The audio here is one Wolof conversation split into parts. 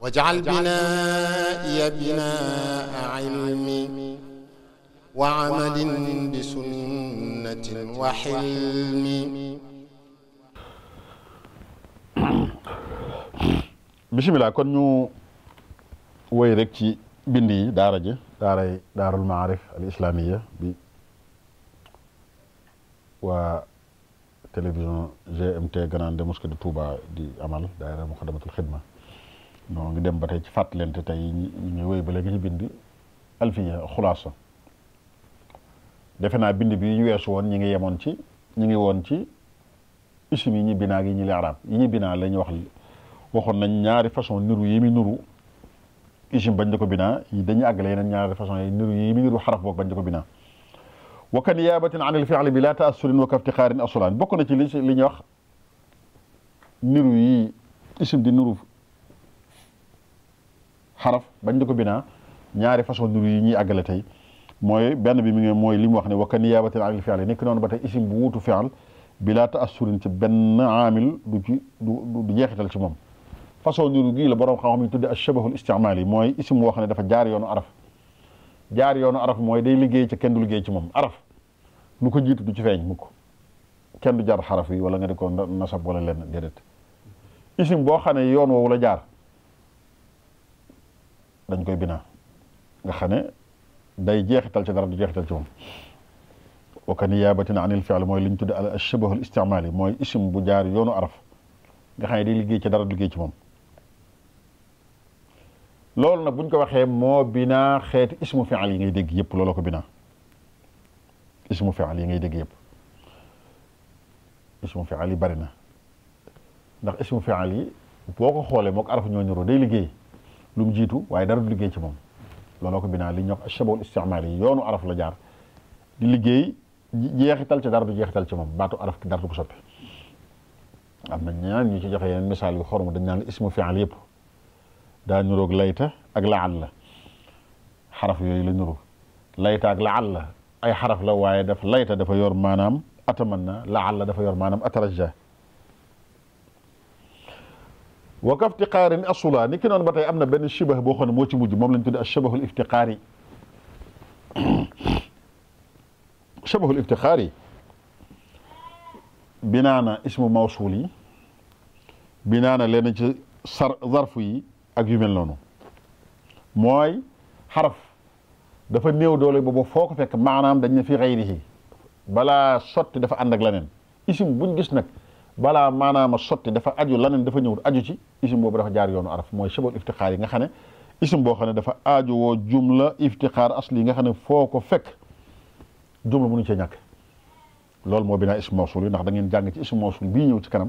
واجعل بنائي بناء علم وعمل بسنة وحلم bisimilah kon ñu woy rek ci bind yi daara ji daaray daarul maarif al islamiya bi waa télévision GMT Grande Mosquée de Touba di amal daara muxadamatul xidma noo ngi dem ba tey ci fàttalente tey ñu wéy ba léegi ci bind alfiya xulaasa defe naa bind bi ñu weesu woon ñi ngi yemoon ci ñi ngi woon ci isim yi ñu binaa yi ñu li arab yi ñi binaa la ñu wax waxoon nañ ñaari façon niru yi mi nuru isim bañ da ko binaa dañuy àggale yeneen ñaari façon yi niru yi mi nuru xaraf bañ da ko binaa wa ka niyaabatin an al fi'li bi la taassurin wa ka iftixaarin asulaan bokk na ci li li ñuy wax niru yi isim di nuru xaraf bañ di ko binaa ñaari façon nuru yi ñuy àggale tey mooy benn bi mu ngi mooy li mu wax ne wakka niyaabatin anil fi'l yi nekk noonu ba tey isim bu wuutu fi'l bilaa taassurin ci benn aamil du ci du jeexital ci moom façon nuru gii la borom xam-xam yi tudde ashabahul istimaal yi mooy isim woo xam ne dafa jaar yoonu araf jaar yoonu araf mooy day liggéey ci kenn du liggéey ci moom araf lu ko jiit du ci feeñ mukk kenn du jaar xaraf yi wala nga di ko nasab wala lenn déedéet isim boo xam ne yoon woowu la jaar dañ koy bina nga xam ne day jeexital ci dara du jeexital ci moom wa ka niyaabatin anil fi'l mooy li ñu tudde al ashbahul istimaali mooy isim bu jaar yoonu araf nga xam ne day liggéey ci dara du liggéey ci moom loolu nag buñ ko waxee moo binaa xeeti ismu fi'l yi ngay dégg yëpp looloo ko binaa ismu fi'l yi ngay dégg yëpp ismu fi'l yi bari na ndax ismu fi'l yi boo ko xoolee moo araf ñooñu niroo day liggéey lu jiitu waaye dara du liggéey ci moom looloo ko binaa li ñuy wax shabaul istimaali yi yoonu araf la jaar di liggéey jeexital ci dara du tal ci moom baatu araf dara du ko soppi am na ñaan ñu ci joxe yeneen misaal yu xorma dañ naan ismu fi'al yëpp daa nuroog layta ak laalla xaraf yooyu la nuru layta ak laalla ay xaraf la waaye daf layta dafa yor maanaam na atamanna laalla dafa yor maanaam atarajja wa ka iftiqaarin asula ni ki noonu ba tey am na benn shibah boo xam ne moo ci mujj moom lañ tuddee ak shibahul iftiqaari shibahul iftiqaari binaana ismu mawsul yi binaana leen ci sar zarf yi ak yu mel noonu mooy xaraf dafa néew doole boobu foo ko fekk maanaam dañ ne fi xayrihi balaa sotti dafa ànd ak leneen isim buñ gis nag balaa maanaam maanaama sotti dafa aju laneen dafa ñëwut aju ci isim boobu dafa jaar yoonu araf mooy shabul iftixaar yi nga xam ne isim boo xam ne dafa aju woo jumla iftixaar asli yi nga xam ne foo ko fekk jumla mënuñu cee ñàkk loolu moo binaa ism mawsul yi ndax da ngeen jàng ci ism mawsul bii ñëw ci kanam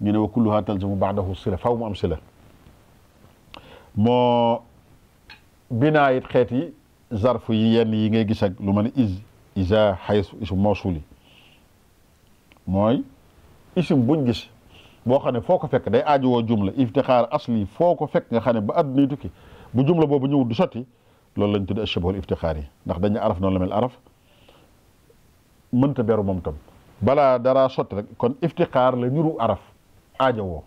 ñu ne wa kulluha talzamu baadahu sila faw mu am moo binaa it xeet yi zarf yi yenn yi ngay gis lu mel ne is isa xaysu ism mawsul mooy isim buñ gis boo xam ne foo ko fekk day aaju woo jumla iftixaar asli foo ko fekk nga xam ne ba addunay tukki bu jumla boobu ñëwul du sotti loolu lañ tudd ashabul iftixaar yi ndax dañu araf noonu la mel araf mënta beru moom balaa daraa sotti rek kon iftixaar la ñuru araf aajowoo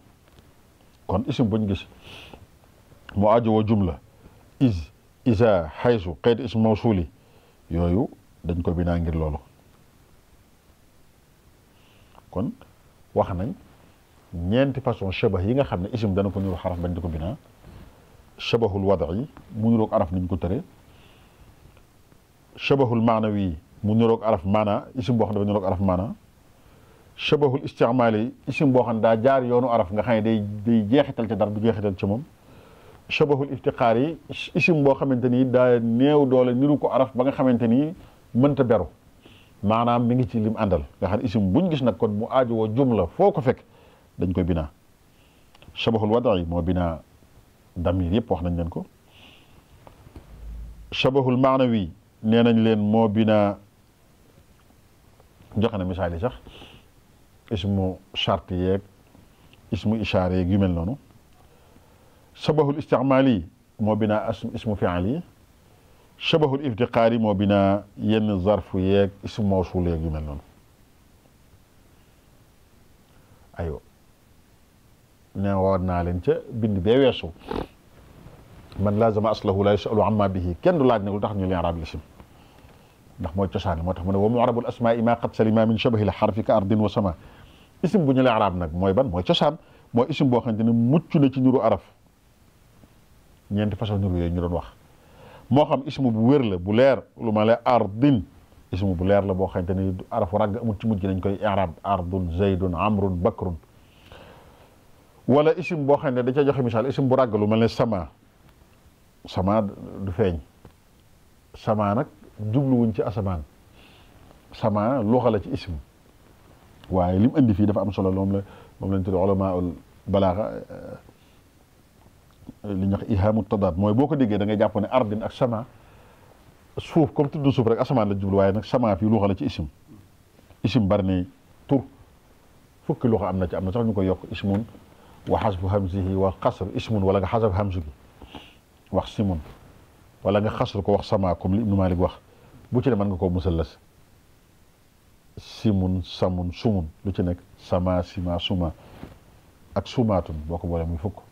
kon isim buñ gis mu aajowoo jumla is isa xaysu xeet yooyu dañ ko binaa ngir loolu kon wax nañ ñeenti façon shabah yi nga xam ne ism dana ko niru xaraf bañ di ko binaa shabahul wada'i mu niroog araf niñ ko tëree shabahul maanawi mu niroog araf maana ism boo xam ne dafa niroog araf maana shabahul isticmaali ism boo xam ne daa jaar yoonu araf nga xam ne day day jeexital ci dara du jeexital ci moom shabahul iftiqaar yi ism boo xamante ni daa néew doole niru ko araf ba nga xamante ni mënta beru maanaam mi ngi ci lim àndal nga xam ne isim buñ gis nag kon mu aajowoo jumla foo ko fekk dañ koy binaa shabahul wada'i moo binaa damir yépp wax nañ leen ko shabahul maanawi nee nañ leen moo bina joxe na misaal yi sax ismu charte yeeg ismu ishaare yeeg yu mel noonu shabahul isticmaali moo binaa ismu fi'ali shabahul iftiqaar yi moo bina yenn zarfu yeeg ism mawsul yeeg yu mel noonu aywa ne woon naa leen ca bind bee weesu man lazama aslahu la yusalu amma bihi kenn du laaj ne lu tax ñu leen arab lisim ndax mooy cosaani moo tax mu ne wa mu'rabul asmaai ma qad salima min shabahil xarfi ka ardin wa sama isim bu ñu leen arab nag mooy ban mooy cosaan mooy isim boo xamante ne mucc na ci niru araf ñeenti façon niru yooyu ñu doon wax moo xam ismu bu wér la bu leer lu ma la ardin ismu bu leer la boo xamante ni arafu ragg amul ci mujj nañ koy i'rab ardun zaydun amrun bakrun wala ism boo xam ne da ca joxe misaal ism bu ragg lu mel ne sama sama du feeñ sama nag jubluwuñ ci asamaan sama luxa ci ism waaye lim mu fii dafa am solo moom la moom lañ tudd ulamaul balaaxa li ñuy wax ihaamu tadaad mooy boo ko déggee da ngay jàpp ne ardin ak sama suuf comme tudd suuf rek asamaan la jublu waaye nag sama fii luxa la ci isim isim bari na tur fukki luxa am na ci am na sax ñu ko yokk ismun wa xasbu hamzihi wa xasr ismun wala nga xasab hamzu wax simun wala nga xasr ko wax sama comme li ibnu malik wax bu ci ne mën nga koo musallas simun samun sumun lu ci nekk sama sima suma ak sumaatun boo ko boole muy fukk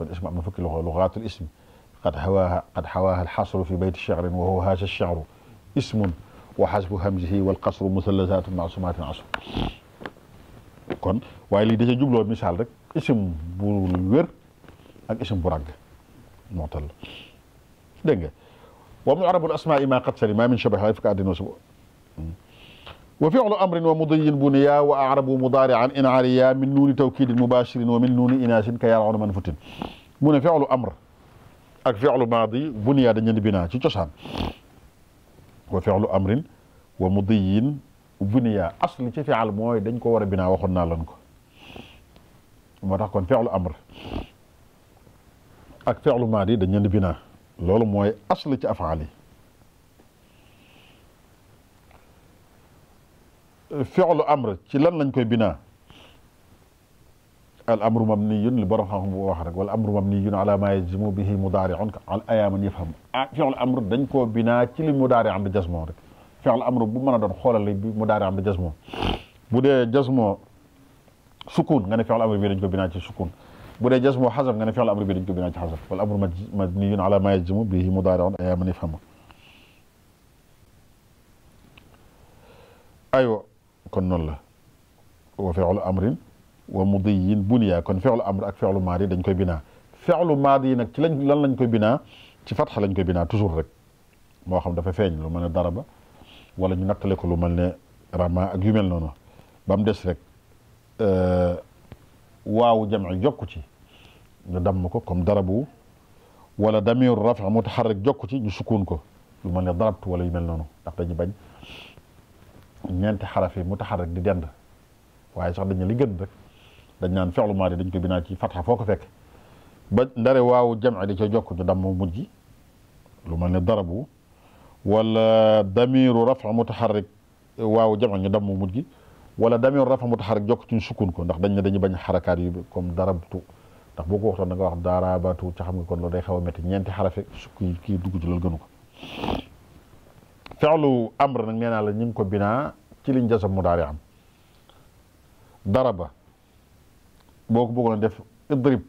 والاسم عم نفك لغات الاسم قد هواها قد حواها الحصر في بيت شعر وهو هذا الشعر اسم وحسب همزه والقصر مثلثات معصومات عصر kon waaye lii da ca jubloo misaal rek isim bu wér ak isim bu ràgg moo tal dégg nga wa mu arabul asmaa ma qad salima min shabaha fi ka addinoo wa fi'lu amrin wa mudiyin buniya wa arabu mudaari'an in ariya min nuuni tawkiidin mubaashirin wa min nuuni inaasin ka yal'anu man futin mu ne fi'lu amr ak fi'lu maadi buniya dañu leen binaa ci cosaan wa fi'lu amrin wa mudiyin buniya asli ci fi'al mooy dañ ko war a binaa waxoon naa lan ko moo tax kon fi'lu amr ak fi'lu maadi dañu leen binaa loolu mooy asli ci afaal yi fi'lu amr ci lan lañ koy binaa al amru mabniyun li borom xam-xam bu wax rek wala amru mabniyun ala ma yajzimu bihi mudaari'un ayaa man yafham ah fi'lu amr dañ koo binaa ci li mudaari' am di jasmo rek fi'lu amr bu mën a doon xoolal li mudaari' am di jasmo bu dee jasmo sukun nga ne fi'lu amr bi dañ ko binaa ci sukun bu dee jasmo xasab nga ne fi'lu amr bi dañ ko binaa ci xasab wala amru mabniyun ala ma yajzimu bihi mudaari'un ayaa man yafham aywa kon noonu la wa fi'lu amrin wa mudiyin buniya kon fi'lu amr ak fi'lu maadi dañ koy binaa fi'lu maadi yi nag ci lañ lan lañ koy binaa ci fatxa lañ koy binaa toujours rek moo xam dafa feeñ lu mel ne daraba wala ñu nattale ko lu mel ne rama ak yu mel noonu ba des rek euh, waaw jamci jokku ci ñu damm ko comme darabu wala damiru rafa mutaxarrik jokku ci ñu sukkuun ko lu mel ne darabtu wala yu mel noonu ndax dañu bañ ñeenti xaraf yi mutaharrik di dend waaye sax dañu li gën rek dañ naan fi'lu maadi dañ koy binaa ci fatxa foo ko fekk ba ndare waaw jam'i di ca jokk ñu damm mujj gi lu mel ne darabu wala damiru rafa mutaharrik waaw jam'i ñu damm mujj gi wala damiru rafa mutaharrik jokk ci ñu sukkun ko ndax dañ ne dañu bañ xarakaat yu comme darabtu ndax boo ko waxtoon da nga wax darabatu ca xam nga kon loolu day xaw a métti ñeenti xarafe kii kii dugg ci loolu gënu ko fi'lu amr nag nee naa la ñu ko binaa ci liñ jasam mu daari am daraba boo ko bëggoon a def idrib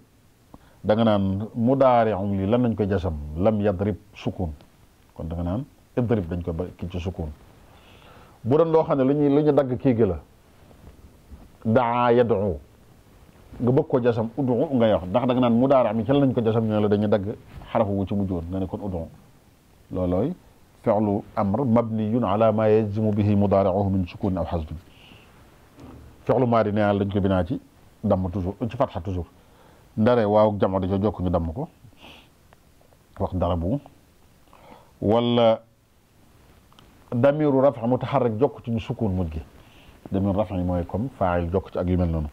danga naan mu daari am lii lan nañ koy jasam lam yadrib sukun kon da naan idrib dañ ko ba ki ci bu doon loo xam ne lu ñuy dagg kii gi la daa yadu nga bëgg ko jasam udu ngay wax ndax da naan mu daari am yi ci lan nañ ko jasam ñu la dañuy dagg xarafu wu ci mujjoon nga ne kon udu loolooy فعل أمر مبني على ما يجزم به مضارعه من سكون أو حذف فعل ماضي nee naa lañ ko binaa ci damm toujours ci fatxa toujours ndare waaw jamo da ca jokk ñu damm ko wax dara bu wala damiru rafa mutaharrik jokk ci ñu sukun mujj gi damiru rafa yi mooy comme faayil jokk ci ak yu mel noonu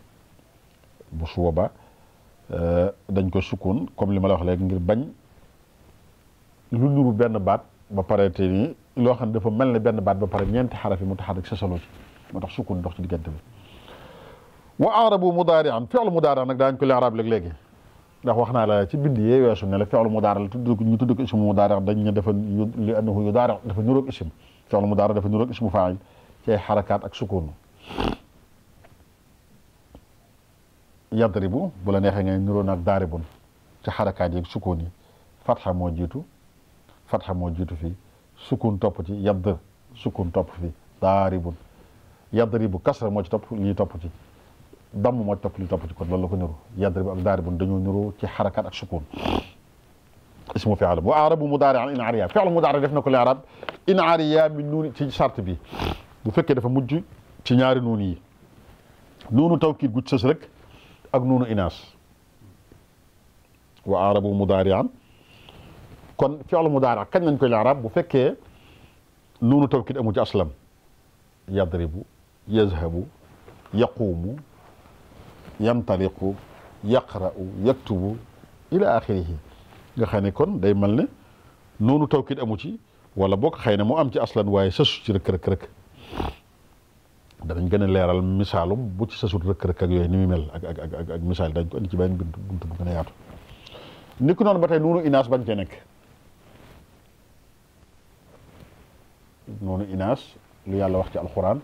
bu suba dañ ko sukun comme li ma la wax léegi ngir bañ lu nuru benn baat ba pare te nii loo xam ne dafa mel ne benn baat ba pare ñeenti xaraf yi mutaxarrik sasaloo ci moo tax sukun dox ci diggante bi wa aarabu mudaari an fi'lu mudaari nag daañu ko li arab léegi léegi ndax wax naa la ci bind yee weesu ne la fi'lu mudaari la tudd ñu tudd ko ismu mudaari dañ ne dafa li annahu yudaari dafa nuróog ism fi'lu mudaari dafa nuróog ismu faa'il ci xarakaat ak sukun yadribu bu la neexee nga niroo nag daaribun ci xarakaat yi sukun yi fatxa moo jiitu fatxa moo jiitu fii sukun topp ci yadd sukun topp fii daaribun yadribu kasra moo ci topp lii topp ci damm moo ci topp lii topp ci kon loolu la ko niru yadribu ak daaribun dañoo niru ci xarakat ak sukun ismu fi'al wa arabu mudaari an in ariya fi'al mudaari def na ko li arab in ariya min nuuni ci charte bi bu fekkee dafa mujj ci ñaari nuun yi nuunu tawkiid gu ci sës rek ak nuunu inaas wa arabu mudaari an kon mu mudaari kañ lañ koy i'raab bu fekkee nuunu tawkiid amu ci aslam yadribu yazhabu yaquumu yantaliqu yaqra'u yaktubu ila axirihi nga xam ne kon day mel ne nuunu tawkiid amu ci wala bokk xëy na mu am ci aslan waaye sësu ci rëkk rëkk rëkk danañ gën a leeral misaalum bu ci sësut rëkk rëkk ak yooyu ni muy mel ak ak ak ak misaal dañ ko indi ci benn buntu bu gën a yaatu. ni noonu ba tey nuunu inaas bañ cee nekk. noonu inaas lu yàlla wax ci alquran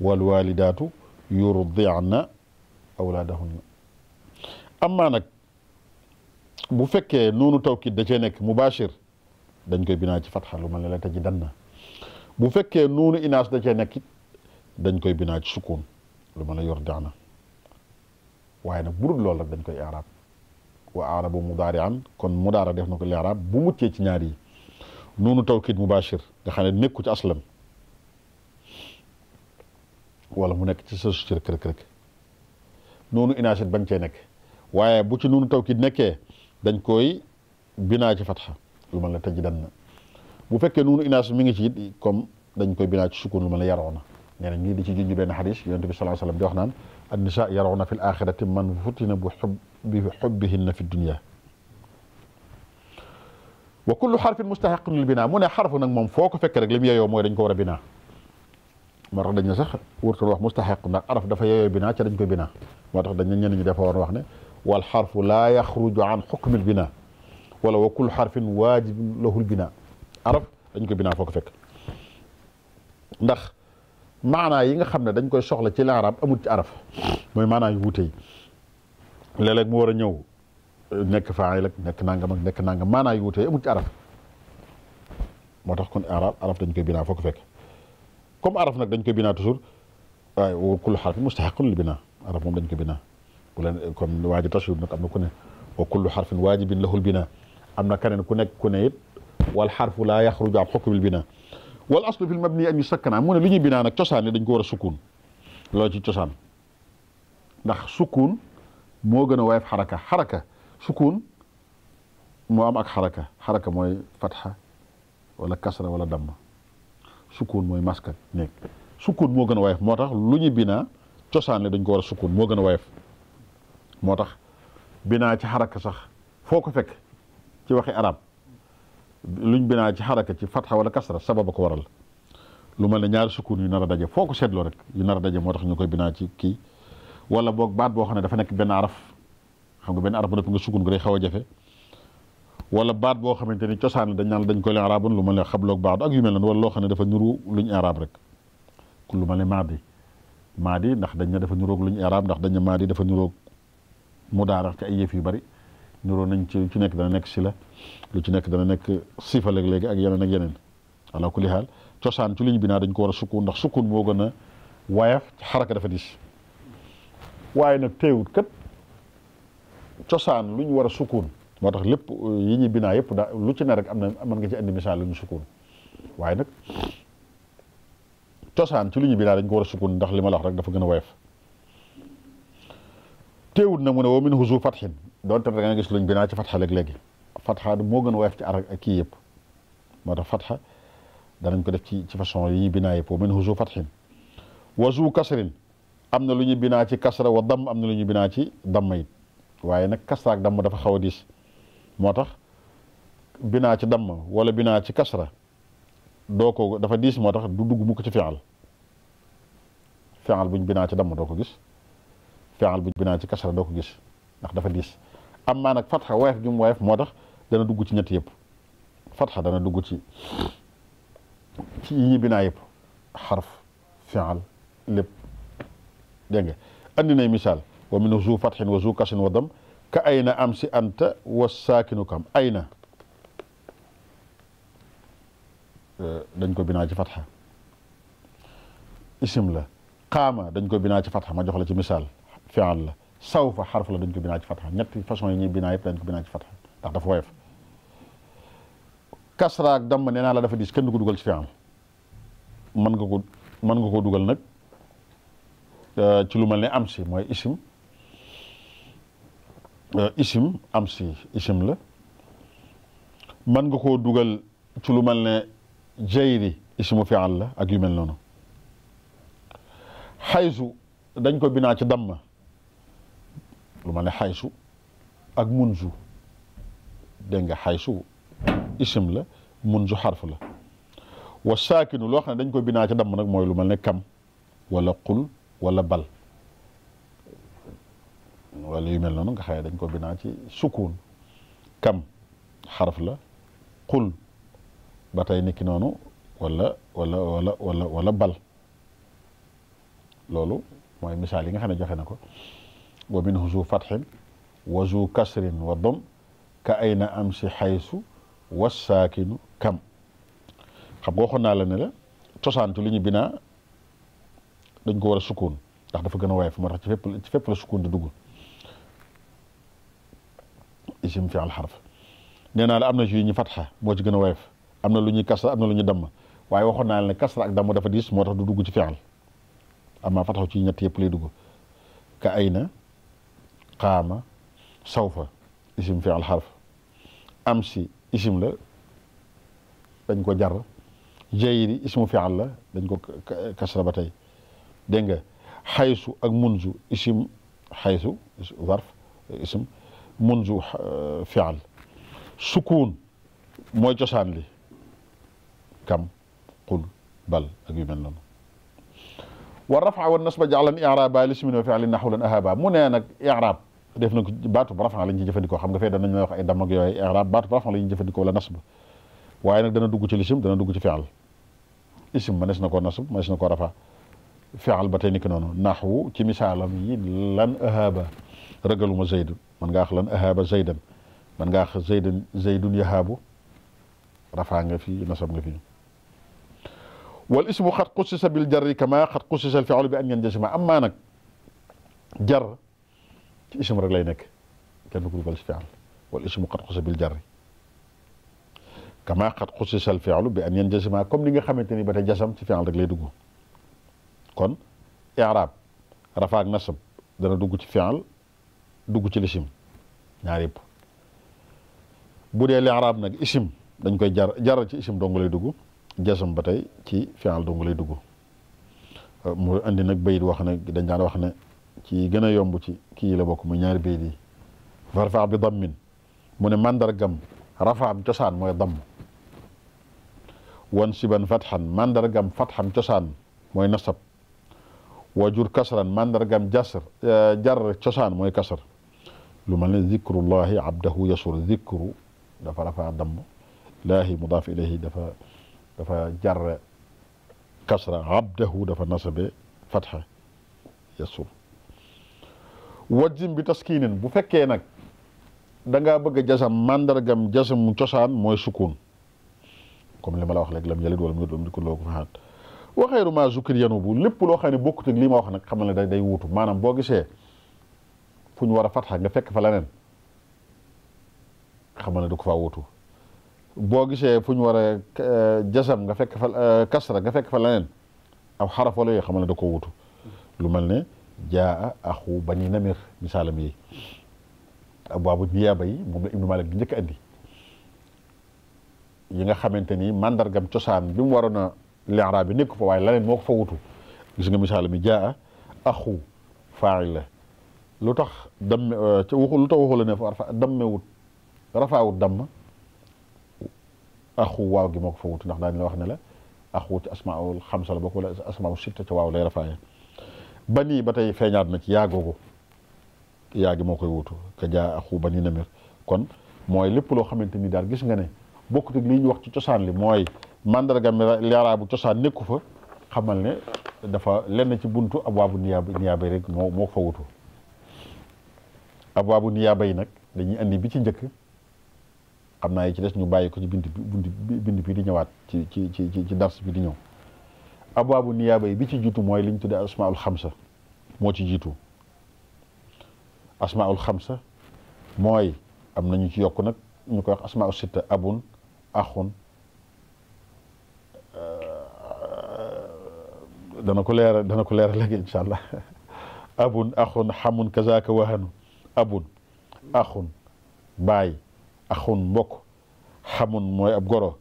wal walidaatu yurdi'na awlaadahunna amma nag bu fekkee noonu tawkid da cee nekk mubashir dañ koy binaa ci fatxa lu mel ne la tajidanna bu fekkee noonu inaas da cee nekk dañ koy binaa ci sukun lu mel ne yurdi'na waaye nag burul loolu rek dañ koy i'raab wa a'rabu mudaari'an kon mudaara def na ko i'raab bu muccee ci ñaar yi noonu tawkiid mubashir nga xam ne nekku ci aslam wala mu nekk ci sa su rek rek rek noonu inaasit bañ cee nekk waaye bu ci noonu tawkiid nekkee dañ koy binaa ci fatxa lu mel ne tajidanna bu fekkee noonu inaasit mi ngi ci it comme dañ koy binaa ci sukun lu mel ne yaroona nee na ñii di ci junj benn xadis yonent bi sallallahu alayhi wa sallam di wax naan an nisa yaroona fi l axirati man futina bu xub bi xubbihinna fi dunia wa kullu xarfin mustaxaqun lil binaa mu ne xarfu nag moom foo ko fekk rek li mu mooy dañ ko war a binaa moo tax dañ ne sax wurtul wax mustaxaq ndax araf dafa yeyoo binaa ca dañ koy bina moo tax dañ ne ñenn ñi dafa wax ne wal xarfu laa yaxruju an xukmil binaa wala wa kullu xarfin waajibun lahul binaa araf dañ koy binaa foo ko fekk ndax maanaa yi nga xam ne dañ koy soxla ci l'arab amul ci araf mooy maanaa yu wuute yi mu war a ñëw nekk faayil ak nekk nanga ma nekk nangam maanaa yu wutee amul ci arab moo tax kon arab dañ koy binaa foo ko fekk comme arab nag dañ koy binaa toujours waaye wa kullu xarfin mustaxaqun li binaa arab moom dañ koy binaa bu leen comme waa ji tashrib nag am na ku ne wa kullu xarfin waajibin lahul binaa am na keneen ku nekk ku ne it wal xarfu laa yaxruju an xukmil binaa wal aslu fil mabni an yusakkana mu ne li ñuy binaa nag cosaan li dañ ko war a sukkuun loolu ci cosaan ndax sukkuun moo gën a waayef xaraka xaraka sukuun moo am ak xaraka xaraka mooy fatxa wala kasra wala damma sukuun mooy maska néeg sukuun moo gën a woyof moo tax lu ñu binaa cosaan dañ ko war a sukuun gën a woyof moo tax binaa ci xaraka sax foo ko fekk ci waxi arab luñ binaa ci xaraka ci fatxa wala kasra sababa ko waral lu mel ne ñaar sukuun yu nar a daje foo ko seetloo rek yu nar a daje moo tax ñu koy binaa ci kii wala boog baat boo xam ne dafa nekk benn araf xam nga benn araf bu nekk nga sukun ko day xaw wala baat boo xamante ni cosaan la dañ naan dañ koy leen arabun lu ma leen xabloog baatu ak yu mel noonu wala loo xam ne dafa nuru luñ arab rek ku lu ma leen maadi maadi ndax dañ ne dafa nuroog luñ arab ndax dañ ne maadi dafa nuroog mudaara ci ay yëf yu bari nuroo nañ ci ci nekk dana nekk si la lu ci nekk dana nekk sifa léeg-léegi ak yeneen ak yeneen ala kulli haal cosaan ci liñ bi naa dañ ko war a sukun ndax sukun moo gën a wayaf xaraka dafa dis waaye nag teewut kat cosaan lu ñu war a sukkuun moo tax lépp euh, yi ñuy binaa yëpp daa lu ci ne rek am na mën nga ci andi misaal lu ñu sukkuun waaye nag cosaan ci lu ñuy binaa dañ ko war a sukkuun ndax li ma la wax rek dafa gën a woyof teewut na mu ne woo min husu fatxin doonte da nga gis luñ binaa ci fatxa léeg-léegi fatxa moo gën a woyof ci ar kii yëpp moo tax fatxa danañ ko def ci ci façon yi binaa yëpp woo min husu fatxin wasu kasrin am na lu ñuy binaa ci kasra wa damm am na lu ñuy binaa ci damm waaye nag kasra ak damm dafa xaw a diis moo tax binaa ci damm wala binaa ci kasra doo ko dafa diis moo tax du dugg mukk ci fi'al fi'al buñ binaa ci damm doo ko gis fi'al buñ binaa ci kasra doo ko gis ndax dafa diis am maa nag fatxa woyof gi mu moo tax dana dugg ci ñett yëpp fatxa dana dugg ci ci yi ñu binaa yëpp xarf fi'al lépp dégg nga andi misaal wa minhu zu fathin wa zu kashin wa dam ka ayna am si anta wa saakinu kam ayna dañ ko binaa ci fatxa isim la qaama dañ ko binaa ci fatxa ma jox la ci misaal fi'al la sawfa xarf la dañ ko binaa ci fatxa ñetti façon yi ñuy binaa yëpp dañ ko binaa ci fatxa ndax dafa woyof kasra ak damm nee naa la dafa diis kenn ko dugal ci fi'al mën nga ko mën nga ko dugal nag ci lu mel ne am si mooy isim Euh, isim am si isim la mën nga koo dugal ci lu mel ne jayri isimu fi'al la ak yu mel noonu xaysu dañ ko binaa ci damma lu mal ne xaysu ak munzu dégg nga xaysu isim la munzu xarf la wa saakinu loo xam ne dañ ko binaa ca damma nag mooy lu mel ne kam wala qul wala bal wala yu mel noonu nga xaye dañ ko binaa ci sukun kam xaraf la xul ba tey niki noonu wala walla wala wala wala bal loolu mooy misaal yi nga xam ne joxe na ko wa minhu zu fatxin wa zu kasrin wa dom ka ayna am si xaysu wa saakinu kam xam nga waxoon naa la ne la cosaantu lu ñu binaa dañ ko war a ndax dafa gën a waaye fu ma tax ci fépp ci fépp la sukkun di dugg jim fi alxarf nee naa la am na ci ñu fatxa moo ci gën a woyof am na lu ñuy kasra am na lu ñuy damm waaye waxoon naa la ne kasra ak damm dafa diis moo tax du dugg ci fi'al amaa fatxa ci ñett yëpp la dugg ka ayna qaama sawfa isim fi'al xarf am si isim la dañ ko jar jayri ismu fi'al la dañ ko kasra ba tey dégg nga xaysu ak munzu isim xaysu isim munzu eh, fial sukuun mooy cosaan li kam qul bal ak yu mel noonu wa rafa wa nasba jaalan iraba lismin wa fialin naxulan ahaba mu nee nag irab def na ko baatub rafa la ñu ci jëfandikoo xam nga fee danañ lay wax ay dam ak yooyu irab baatub rafa la ñuy jëfandikoo la nasb waaye nag dana dugg ci lisim dana dugg ci fial isim mënees na koo nasb mënees na koo rafa fial ba tey ni ki noonu naxwu ci misaalam yi lan ahaba ragaluma zaydun man ngaa wax lan ahaaba zaydan man ngaa wax zaydan zaydun yahaabu rafaa nga fi nasab nga fi wal ismu xat xusisa bil jarri kama xat xusisa al fi'lu bi an yanjasima amma nag jar ci ism rek lay nekk kenn ku dugal ci fi'l wal ismu xat xusisa bil jarri kama xat xusisa al fi'lu bi an yanjasima comme ni nga xamante ni ba tey jasam ci fi'l rek lay dugg kon i'raab rafaa ak nasab dana dugg ci fi'l dugg ci lisim ñaar yëpp bu dee li nag isim dañ koy jar jaral ci isim dong lay dugg jasam ba tey ci fi'al dong lay dugg euh, mu andi nag bayit wax ne dañ daan wax ne ci gën a yomb ci kii la bokk mu ñaari bayit yi farfa bi dammin mu ne mandargam rafaam cosaan mooy damm wan siban fatxan mandargam fatxam cosaan mooy nasab wajur kasran mandargam jasr euh, jar cosaan mooy kasar lu mel ne zikrullahi abdahu yasur zikru dafa dafa damm laahi mudaaf ilayhi dafa dafa jar kasra abdahu dafa nasabe fatxa yasur wajjim bi taskiinin bu fekkee nag da ngaa bëgg a jasam mandargam jasam cosaan mooy sukuun comme li ma la wax léegi lam yalid wala mu yulad wala mu yakul lahu kufuwan ahad wa xayru ma zukriya bu lépp loo xam ne bokkut ak lii ma wax nag xam na ne day wuutu maanaam boo gisee fu ñu war a fatxa nga fekk fa leneen xamal na du ko faa wutu boo gisee fu ñu war a eh, jasam nga fekk fa eh, kasra nga fekk fa leneen aw xaraf wala yooyu xamal ne da ko wutu lu mel ne jaa axu bani namir misaalam yi abwaabu niyaaba yi moom la ibnu bi njëkk nga xamante ni mandargam cosaan bi mu waroon a bi nekk fa waaye leneen moo ko fa wutu gis nga misaalam jaa axu faa'il la lu tax damme euh, ca waxu lu tax waxu la ne fa rafa dammewut rafaawut damm axu waaw gi moo ko fa wut ndax daañu la wax ne la axu ci asmaul xamsa la bokk wala asmaul sitta ca waaw lay rafaaye banii ba tey feeñaat na ci yaagoogu yaa gi moo koy wutu ka jaa axu bani namir kon mooy lépp loo xamante ni daal gis nga ne bokkut li ñu wax ci cosaan li mooy mandarga leeraa bu cosaan nekku fa xamal ne dafa lenn ci buntu ab waabu niyaaba niyaaba rek moo moo fa wutu abwaabu niyaaba yi nag dañuy andi bi ci njëkk xam naa yi ci des ñu bàyyi ko ci bind bi bi di ñëwaat ci ci ci ci dars bi di ñëw abwaabu niyaaba yi bi ci jiitu mooy li ñu tuddee asmaul xamsa moo ci jiitu asmaul xamsa mooy am na ñu ci yokk nag ñu koy wax asmaul sitta abun axun dana ko leeral dana ko leeral léegi incha allah abun axun xamun kazaaka wahanu abun axun baay axun mbokk xamun mooy ab goro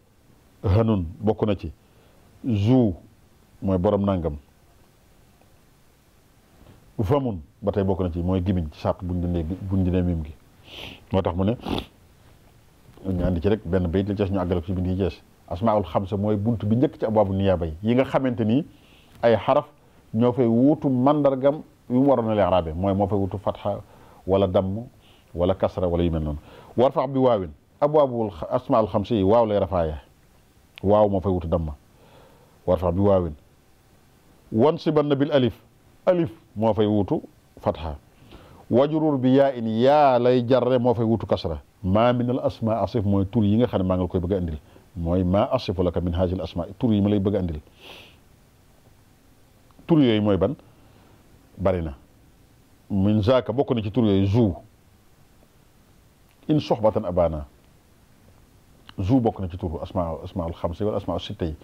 xanun bokk na ci zu mooy borom nangam famun ba tey bokk na ci mooy gimiñ ci sàq buñ dindee buñ gi moo tax mu ne ñu àndi ci rek benn bayit li cees ñu àggale ko ci bind yi cees asmaul xamsa mooy bunt bi njëkk ci abwaabu niyaaba yi yi nga xamante ni ay xaraf ñoo fay wuutu mandargam yu mu waroon a leeraabe mooy moo fay wuutu fatxa wala damm wala kasra wala yu mel noonu warfa bi waawin abwaabul asmaal xamsi yi waaw lay rafaaye waaw moo fay wutu damma warfa bi waawin wan sibanna bi alif alif moo fay wutu fatxa wajurur bi yaa in yaa lay jarre moo fay wutu kasra maa min al asma asif mooy tur yi nga xam ne maa ngi koy bëgg a indil mooy maa asifu laka min haajil asma tur yi ma lay bëgg a tur yooyu mooy ban bari min zaaka bokk na ci tur yooyu zu in soxbatan abana zu bokk na ci tur asma asma al xamsi wala asma al sitta yi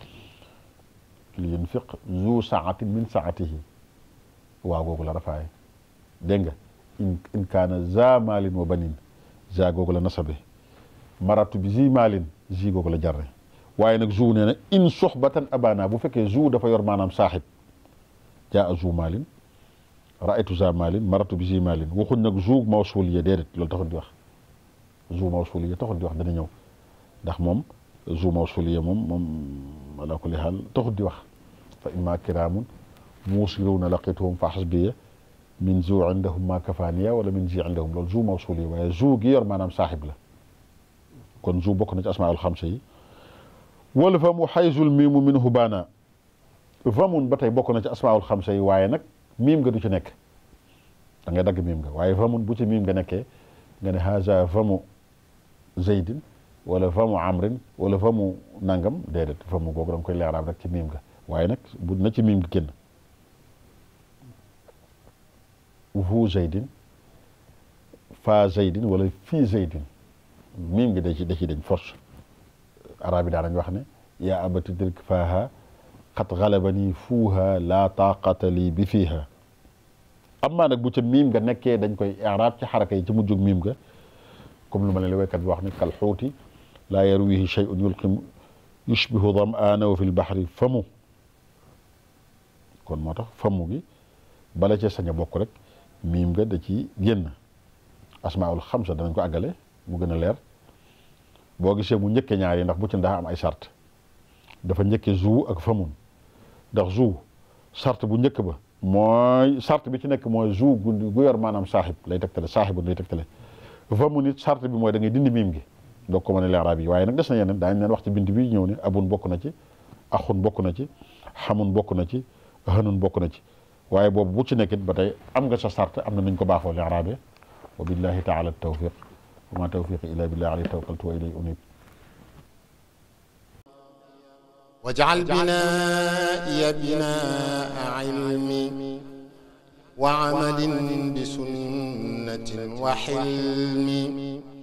li yunfiq zu saatin min saatihi waaw googu la rafaay dégg nga in in kaana za maalin wa banin za googu la nasabe maratu bi zi maalin zi googu la jarre waaye nag zu nee na in soxbatan abana bu fekkee zu dafa yor maanaam saaxib jaa a zu maalin raaytu za maalin maratu bi zi maalin waxuñ nag zuug mawsuliya déedéet loolu taxul di wax zuug mawsuliya taxul di wax dana ñëw ndax moom zuug mawsuliya moom moom ala kulli xaal taxul di wax fa imma kiraamun muusiruuna laqituhum fa xasbiya min zu indahum ma kafaaniya wala min zi indahum loolu zu mawsuliya waaye zu gi yor maanaam saaxib la kon zu bokk na ci asmaul xamsa yi wala fa mu xayzul miimu minhu baana famun ba tey bokk na ci asmaul xamsa yi waaye nag miim nga du ci nekk da dagg miim nga waaye vamun bu ci miim nga nekkee nga ne haza vamu zeydin wala vamu amrin wala vamu nangam déedéet vamu googu da nga koy leeraal ci miim ga waaye nag bu na ci miim nga génn vu zeydin fa zeydin wala fii zeydin miim nga da ci da ci dañ force arab yi wax ne yaa abati dirk faaha qad xalabani fuuha laa taaqata lii bi fiiha amma nag bu ca miim nga nekkee dañ koy i'raab ci xaraka yi ci mujjug miim nga comme lu ma leen li waykat bi wax ni kal xuuti laa yarwihi shay'un yulqim yushbihu dam'aana wa fi lbaxri famu kon moo tax famu gi bala ca sañ a bokk rek miim nga da ci génn asmaul xamsa danañ ko àggale mu gën a leer boo gisee mu njëkkee ñaar yi ndax bu ci ndax am ay sart dafa njëkkee zuu ak famun ndax zu sart bu njëkk ba mooy sart bi ci nekk mooy zu gu yor maanaam saaxib lay tegtale saaxibu lay tegtale va mu nit sart bi mooy da ngay dindi miim gi doo ko mën rab yi waaye nag des na yeneen daañu leen wax ci bind bi ñëw ne abun bokk na ci axun bokk na ci xamun bokk na ci xanun bokk na ci waaye boobu bu ci nekkit ba tey am nga sa sart am na nuñ ko baaxoo leeraabe wa billahi taala tawfiq wa ma tawfiqi illa billah alayhi tawakkaltu wa ilayhi unib واجعل بنائي بناء علم وعمل بسنة وحلم